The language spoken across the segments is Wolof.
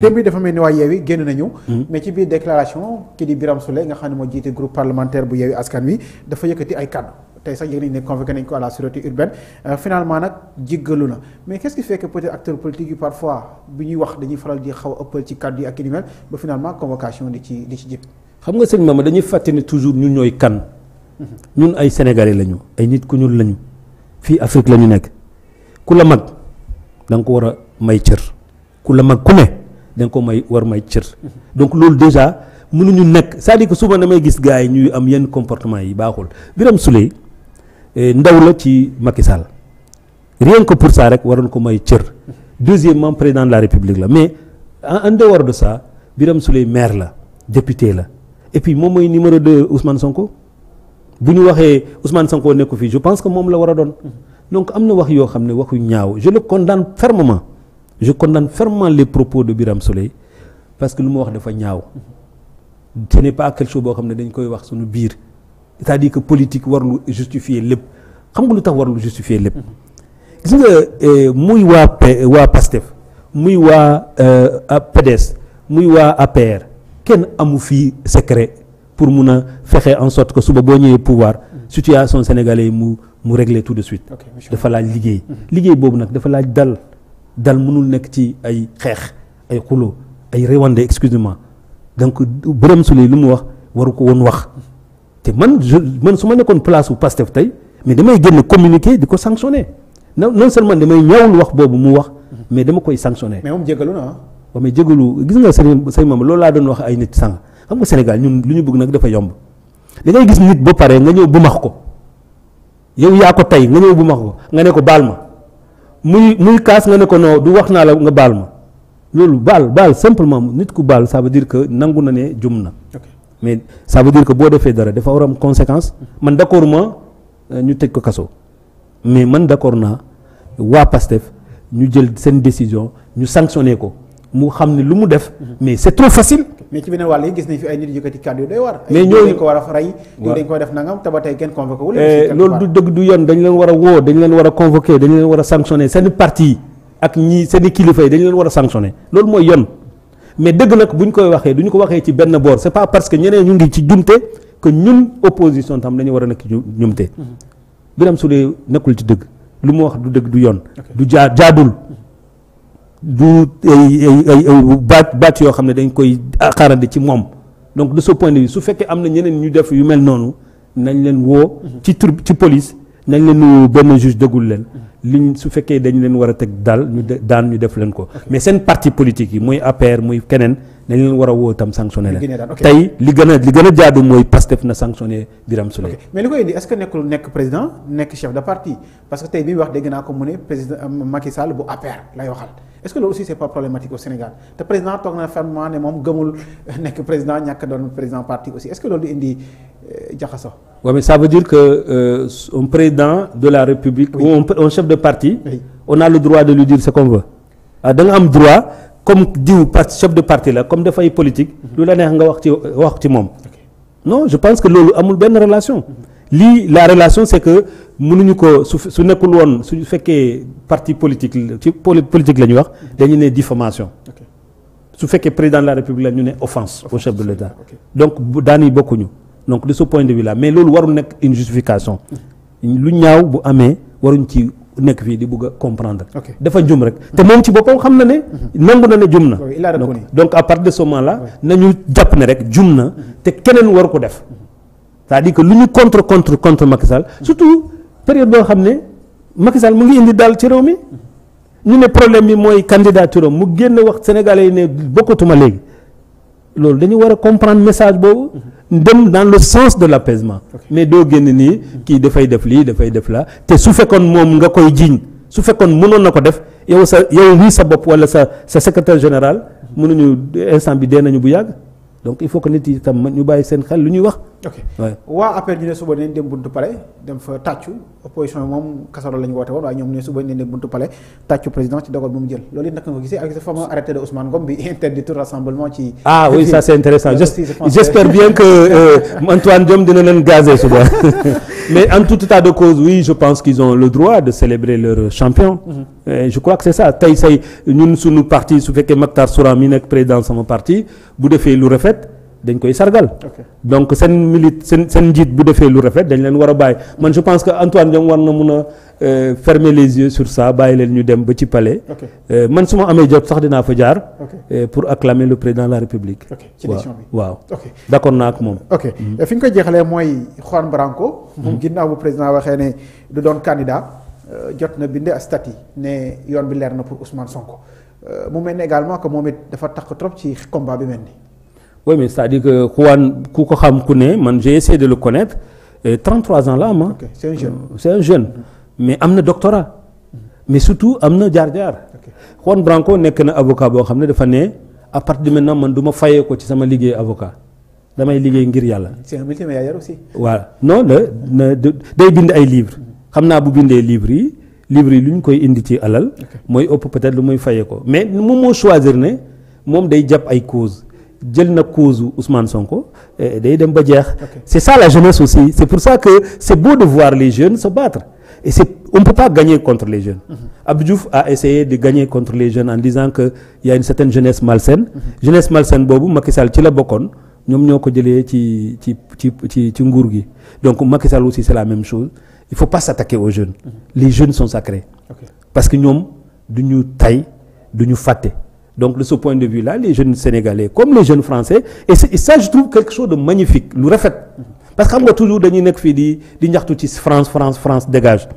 démb bi dafa mel ni waa Yewwi génn nañu. Hmm. mais ci biir déclaration ki di Birame Souleye nga xam ne moo jiite groupe parlementaire bu Yewwi Askan Wi dafa yëkkati ay kàddu tey sax yëg nañu ne euh, nag jéggalu na mais qu'est-ce qui fait que peut-être acteurs politiques yi parfois bi ñuy wax di a ëppal ci kàddu yi ak ni mel ba finalement convocation di ci di ci jëm. xam nga sëñ Mama dañuy fàtte ne toujours ñun ñooy kan. Mm-hmm. ñun ay sénégalais lañu ay nit ku ñuul lañu fii Afrique lañu nekk ku la mag da nga ko war a may cër ku la mag ku ne. da ko may war may cër donc loolu déjà mënuñu nekk c'est-à-dire que damay gis gars yi ñuy am yenn comportement yi baaxul Birame Souleye eh, ndaw la ci Macky Sall rien ko pour ça rek waroon ko may cër deuxièmement président de la République la mais en dehors de ça biram Souleye maire la député la et puis moom mooy numéro de Ousmane Sonko bu ñu waxee Ousmane Sonko nekku fii je pense que moom la war a doon donc am na wax yoo xam ne waxu ñaaw je le condamne fermement je condamne fermement les propos de Birame Souleye parce que lu mu wax dafa ñaaw ce n'est pas quelque chose boo xam ne dañ koy wax suñu biir c'est-à-dire que politique warlu justifier lépp xam nga lu tax warlu justifier lépp euh, muy waa waa PASTEF muy waa euh, PDS muy waa APR kenn amu fii secret pour mun a fexe en sorte que suba boo ñëwee pouvoir situation sénégalais yi mu mu régler tout de suite dafa laaj liggéey mhm. liggéey boobu nag dafa laaj dal dal mënul nekk ci ay xeex ay xuloo ay réwande excusez-moi donc Birame Souleye lu mu wax waru ko woon wax te man je man su ma nekkoon place bu Pastef tey mais damay génn communiqué di ko sanctionné non seulement may ñaawul wax boobu mu wax mais dama koy sanctionné. mais moom jégalu na ah. waaw mais jégalu gis nga sëriñ sëriñ Mame loolu laa doon wax ay nit sànq xam nga Sénégal ñun lu ñu bugg nag dafa yomb da ngay gis nit ba paree nga ñëw bu max ko yow yaa ko tey nga bu max ko nga ne ko baal muy muy kaas nga ne ko non du wax naa la nga baal ma loolu baal baal simplement nit ku baal ça veut que nangu na ne jum na. mais ça veut dire que boo defee dara dafa waram am conséquence man d' euh, ñu teg ko kaso mais man d' accord naa waa PASTEF ñu jël seen décision ñu sanctionné ko mu xam ni lu mu def mhm. mais c' est trop facile. mais ci beneen wàll yi gis nañ fi ay nit yëkkati kàddu yu doy war mais ñooñu a rey ñii dañ leen eh, loolu du dëgg du yoon dañ leen war a woo dañ leen war a convoqué dañ leen war a seen parti ak ñi seen kilifa yi dañ leen war a sanctionné loolu mooy yoon mais dëgg nag bu ñu koy waxee du ñu ko waxee ci benn boor c'est pas parce que ñeneen ñu ngi ci jumte que ñun opposition tam dañu war a nekk ci jumte su mhm. dee nekkul ci dëgg lu mu wax du dëgg du yoon du jaa jaadul mhm. du ay ay ay baat baat yoo xam ne dañ koy xaarandi ci moom donc de ce point de vue su fekkee am na ñeneen ñu def yu mel noonu nañ leen woo. ci tur ci police nañ leen nu benn juge dëggul leen. li ñu su fekkee dañ leen war a teg daal ñu daan def leen ko mais seen parti politique yi muy APR muy keneen dañ leen war a woo itam sanctionné leen tey li gën a li gën a jaadu mooy Pastef na sanctionné Birame Souleye mais li koy indi est-ce que nekkul nekk président nekk chef de parti parce que tey bi wax dégg naa ko mu président euh, Macky Sall bu APR lay waxal est-ce que loolu aussi c'est pas problématique moom gëmul nekk ñàkk doon président parti aussi est-ce que loolu indi jaxasoo. waaw mais ça veut dire que euh, un président de la république. Oui. ou un, un chef de parti. Oui. on a le droit de lui dire ce qu'on veut. ah nga am droit comme diw parti chef de parti la comme dafay politique. Mhm. lu la neex nga wax ci wax ci moom. non je pense que loolu amul benn relation. Mhm. lii la relation c'est que mënuñu ko su su nekkul woon su fekkee parti politique ci politique la ñuy wax dañu ne diffamation. su fekkee président de la république la ñu ne offense au chef de l'État donc daan donc de ce point de vue là mais loolu warul nekk une justification lu ñaaw bu amee waruñ ci nekk fii di bëgg a comprendre. dafa jum rek. te moom ci boppam xam na ne. nangu na ne jum na. donc à partir de ce moment là. nañu jàpp ne rek jum na. te keneen waru ko def. c'est-à-dire que lu ñu contre contre contre Macky surtout période boo xam ne Macky mu ngi indi daal ci réew mi. ñu ne problème bi mooy candidature am mu génn wax sénégalais yi ne bokkatuma léegi. loolu dañu war a comprendre message boobu dem dans le sens de l'apaisement mais doo génne nii kii dafay def lii dafay def la te su fekkoon moom nga koy jiiñ su fekkoon mënoon na ko def yow sa yow wii sa bopp walla sa sa secrétaire général mënuñu instant bi dee nañu bu yàgg donc il faut que nit yi tam ñu bàyyi seen xel lu ñuy wax ok waa APR ñu ne suba nañ dem buntu palais dem fa tàccu opposition bi moom kasaroo la ne buntu palais tàccu président ci dogal bu mu jël loolu it naka nga ko gisee avec ce fameux arrêté de Ousmane Ngom bi interdit rassemblement ci. ah oui ça c'est intéressant j'espère bien que euh, Antoine Diome dina leen gazé suba mais en tout état de cause oui je pense qu'ils ont le droit de célébrer leur champion. Mhm. Et euh, je crois que c'est ça tey say ñun suñu parti su fekkee Mactar Soura mi nekk président sama parti bu defee lu rafet. dañ koy sargal. donc seen milit seen seen njiit bu defee lu rafet dañ leen war a bàyyi man je pense que Antoine Diome war na mun a euh, ferme les yeux sur ça bàyyi leen ñu dem ba ci palais. Euh, man su ma amee jot sax dinaa fa jaar. Euh, pour acclamer le président la république. ci élection bi waaw waaw d' accord naa ak moom. ok mm-hmm. fi ñu koy jeexalee mooy Juan Branco. Mm-hmm. moom ginnaaw bu président waxee ne du doon jot na bind a statut ne yoon bi leer na pour Ousmane Sonko mu mel ne également que moom it dafa tax trop ci combat bi mel nii. oui mais c'est-à-dire que Juan ku ko xam ku ne man j'ai essayé de le connaître et 33 ans la am ah. c'est un jeune mais am na doctorat. mais surtout am na jaar-jaar. Juan Branco nekk na avocat boo xam ne dafa ne à partir de maintenant man du ma fayee ko ci sama liggéey avocat damay liggéey ngir yàlla. c'est un multimilliardaire la day bind ay livres xam naa bu bindee livres yi livres yi lu ñu koy indi ci alal. mooy ëpp peut-être lu muy fayee ko mais moom moo choisir ne moom day jàpp ay cause jël na cause Ousmane Sonko day dem ba jeex c'est ça la jeunesse aussi c'est pour ça que c'est beau de voir les jeunes se battre et c'est on ne pas gagner contre les jeunes mm -hmm. a essayé de gagner contre les jeunes en disant que il y une certaine jeunesse malsaine mm -hmm. boobu Macky Sall ci la bokkoon ñoom ñoo ko jëlee ci ci ci ci nguur gi donc Macky aussi c'est la même chose il faut pas s'attaquer aux jeunes mhm. les jeunes sont sacrés parce que ñoom du ñu tay du ñu fàtte donc de ce point de vue là les jeunes sénégalais comme les jeunes français et ça je trouve quelque chose de magnifique lu rafet parce que xam nga toujours dañuy nekk fii di di ñaxtu ci France France France dégage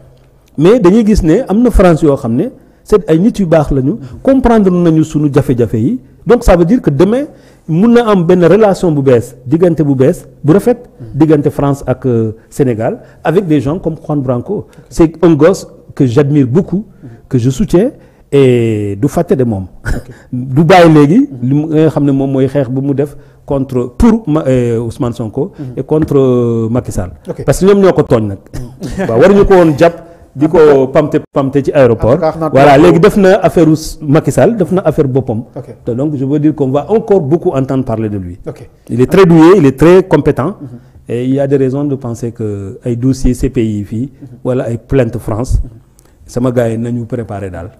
mais dañuy gis ne am na France yoo xam ne c'est ay nit yu baax lañu comprendre nañu suñu jafe-jafe yi donc ça veut dire que demain mun na am benn relation bu bees diggante bu bees bu rafet diggante France ak euh, Sénégal avec des gens comme Juan Branco c'est un gosse que j'admire beaucoup et du fàtte de moom. du bàyyi léegi. li nga xam ne moom mooy xeex bu mu def contre pour euh, Ousmane Sonko. Mhm. et contre euh, Macky Sall. parce que ñoom ñoo ko tooñ nag. Mhm. waaw ñu ko woon jàpp. di ko pamte pamte ci aéroport. voilà léegi def na affaire Macky Sall def na affaire boppam. te donc je veux dire qu'on va encore beaucoup entendre compétent. Mhm. et il y a des raisons de penser que ay dossiers CPI fii. wala ay plainte France. sama gars yi nañu préparé daal.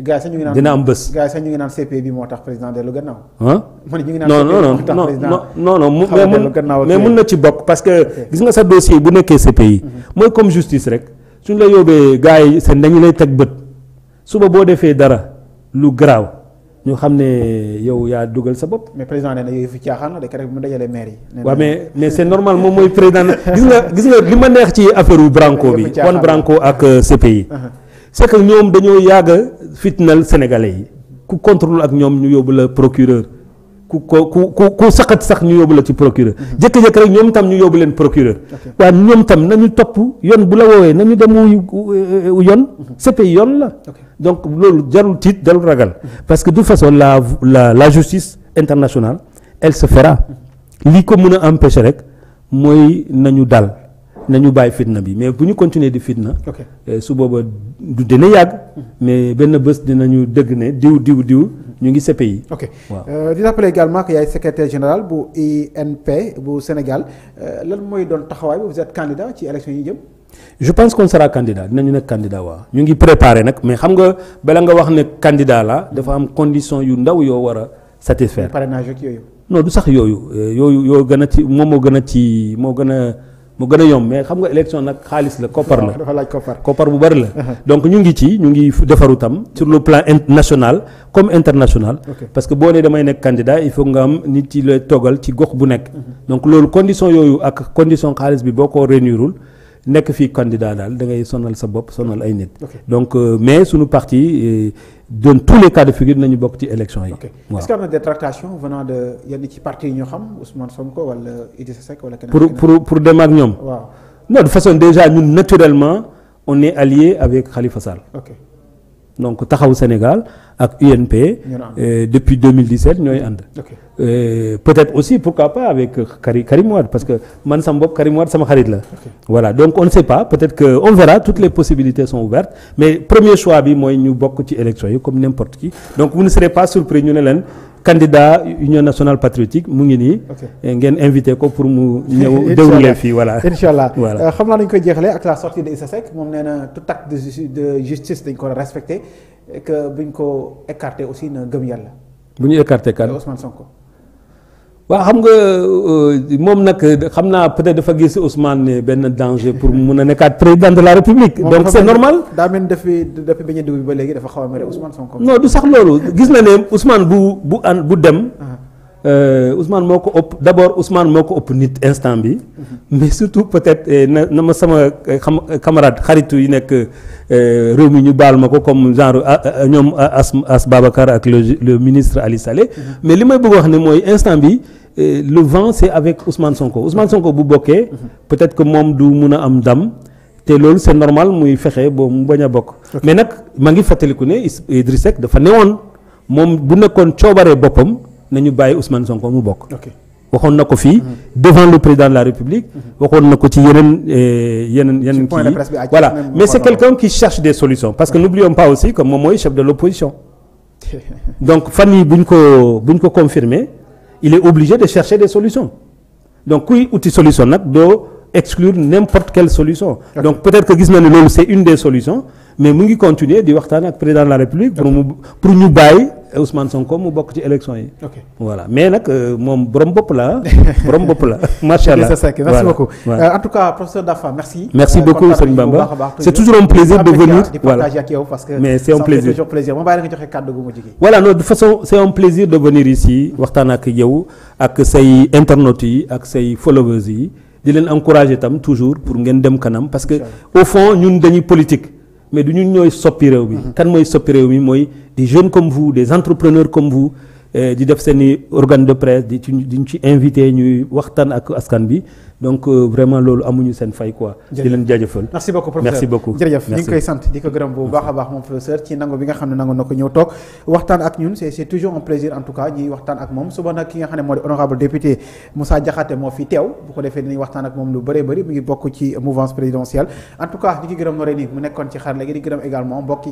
gaa sax ñu ngi naan dina am bés. gaa sax ñu ngi naan CP bi moo tax président dellu gannaaw. man ñu ngi naan CP bi moo tax mais mun na ci bokk parce que gis nga sa dossier bu nekkee CPI. Mhm. mooy comme justice rek suñ la yóbbee gars yi seen lay teg bët suba boo defee dara lu garaaw ñu xam ne yow yaa dugal sa bopp. mais président nee na yooyu fi caaxaan rek rek mu dajale maire yi. waaw mais mais c'est normal moom mooy président gis nga gis nga li ma neex ci affaire wu Branco bi. wan Branco ak euh, CPI. c'est que ñoom dañoo yàgg a fitnal sénégalais yi ku contrôle ak ñoom ñu yóbbu la procureur ku ko ku ku ku saxat sax ñu yóbbu la ci procureur jëkk mhm. jékki rek ñoom tam ñu yóbbu leen procureur waaw ñoom tam nañu topp yoon bu la woowee nañu dem wuyu euh, euh, yoon mhm. CPI yoon la donc loolu jarul tiit jarul ragal mhm. parce que du façon la la la justice internationale elle se fera li ko mën a empêcher rek mooy nañu dal nañu bàyyi fitna bi mais bu ñu continuer di fitna. Euh, su booba du dina yàgg. mais benn bés dinañu dëgg ne diw diw diw ñu ngi CPI. ok euh, di rappeler également que yaay secrétaire général bu INP bu Sénégal euh, lan mooy doon taxawaay bu vous êtes ci élection yi jëm. je pense qu'on sera candidat dinañu nekk candidat waa ñu ngi préparé nag mais xam nga bala nga wax ne candidat la dafa am condition yu ndaw yoo war a satisfaire. parrainage ak yooyu. non du sax yooyu yooyu yoo gën a ci moom moo gën a ci moo gën a. mu gën a yomb mais xam nga élection nag xaalis la koppar la dafa laaj koppar koppar bu bëri la. Uh-huh. donc ñu ngi ci ñu ngi defaru tam sur le plan national comme international. parce que boo nee damay nekk candidat il faut nga am nit ci lay toggal ci gox bu nekk. Uh-huh. donc loolu condition yooyu ak condition xaalis bi boo ko réunirul nekk fii candidat daal da ngay sonal sa bopp sonal ay nit. donc euh, mais suñu parti euh, dans tous les cas de figure nañu bokk ci élection yi. waaw est-ce a des tractations venant de yenn ci parti yi ñu xam Ousmane Sonko wala Idrissa Seck wala. pour pour pour dem ak ñoom. waaw non de façon déjà ñun naturellement on est allié avec Khalifa Sall. donc taxaw Sénégal ak UNP. Euh, depuis 2017 ñooy ànd. Euh, peut-être aussi pourquoi pas avec Karim Karim Wade parce que man sama bopp Karim Wade sama xarit la. voilà donc on ne sait pas peut-être que on verra toutes les possibilités sont ouvertes mais premier choix bi mooy ñu bokk ci élection yi comme n'importe qui donc vous ne serez pas surpris ñu ne leen. candidat Union nationale patriotique mu ngi nii. ngeen invité ko pour mu. ñëw déroulé fii voilà. incha allah voilà euh, xam naa dañu koy jeexalee ak la sortie de Issa Seck moom nee na tout acte de justice dañ ko respecté et que ko écarté aussi na gëm yàlla. bu ñu écarté kan Ousmane Sonko. waa xam nga euh, moom nag xam naa peut dafa gis Ousmane ne benn danger pour mu mun a nekkaat président de la République. donc c'est normal daa mel depuis depuis bi ñu ba léegi dafa xaw a mere Ousmane Sonko. non du sax loolu gis na ne Ousmane bu bu an bu dem. Ah. Euh, usman moo ko ëpp d' abord Ousmane moo ko ëpp nit instant bi mais surtout peut-être euh, na na ma sama euh, xam camarade xaritu yi nekk réew mi ñu baal ma ko comme genre ñoom as as Babacar ak le ministre Ali Saleh mm-hmm. mais li may bëgg wax ne mooy instant bi le vent c' avec Ousmane Sonko usman Sonko bu bokkee mm-hmm. peut-être que moom du mun a am ndam te loolu c' normal muy fexe boo mu bañ a bokk. mais nag ma ngi fàttaliku ne Idriss Seck dafa ne woon moom bu nekkoon coobaree boppam. nañu bàyyi Ousmane Sonko mu bokk. waxoon na ko fii mhm. devant le président de la République. Mhm. waxoon na ko ci yeneen eh, yeneen yeneen kii yi voilà mais c'est quelqu'un qui cherche des solutions parce que n'oublions pas aussi que moom mooy chef de l'opposition donc fan yii bu ñu ko bu ñu ko confirmer il est obligé de chercher des solutions donc kuy uti solution nag doo exclure n'importe quelle solution donc peut-être que gis na ne loolu c'est une des solutions mais mu ngi continuer di la République Euh, Ousmane Sonko mu bokk ci élection yi. voilà mais nag euh, moom borom bopp la borom bopp la macha allah. merci beaucoup euh, en tout cas professeur Dafa merci. merci beaucoup sëñ Bamba c'est toujours un plaisir de venir voilà de façon c'est un plaisir de venir ici waxtaan yow ak say internautes yi ak say followers yi di leen encourager tam toujours pour ngeen dem kanam parce que au fond ñun dañuy politique. mais du ñu ñooy soppi réew mi. Mhm. kan mooy soppi réew mi mooy des jeunes comme vous des entrepreneurs comme vous. Eh, di def seen i organe de presse di ci diñ ci invité ñuy waxtaan ak askan bi donc euh, vraiment loolu amuñu seen fay quoi. di leen jaajëfal merci beaucoup professeur merci beaucoup jërëjëf koy sant di ko gërëm bu baax a baax moom professeur ci nango bi nga xam ne nango na ko ñëw toog waxtaan ak ñun c' est toujours un plaisir en tout cas ñuy waxtaan ak moom suba nag ki nga xam ne moo di honorable député Moussa Diakhaté moo fi teew bu ko defee dinañ waxtaan ak moom lu bëree bëri mu ngi bokk ko gërëm Noreyni mu nekkoon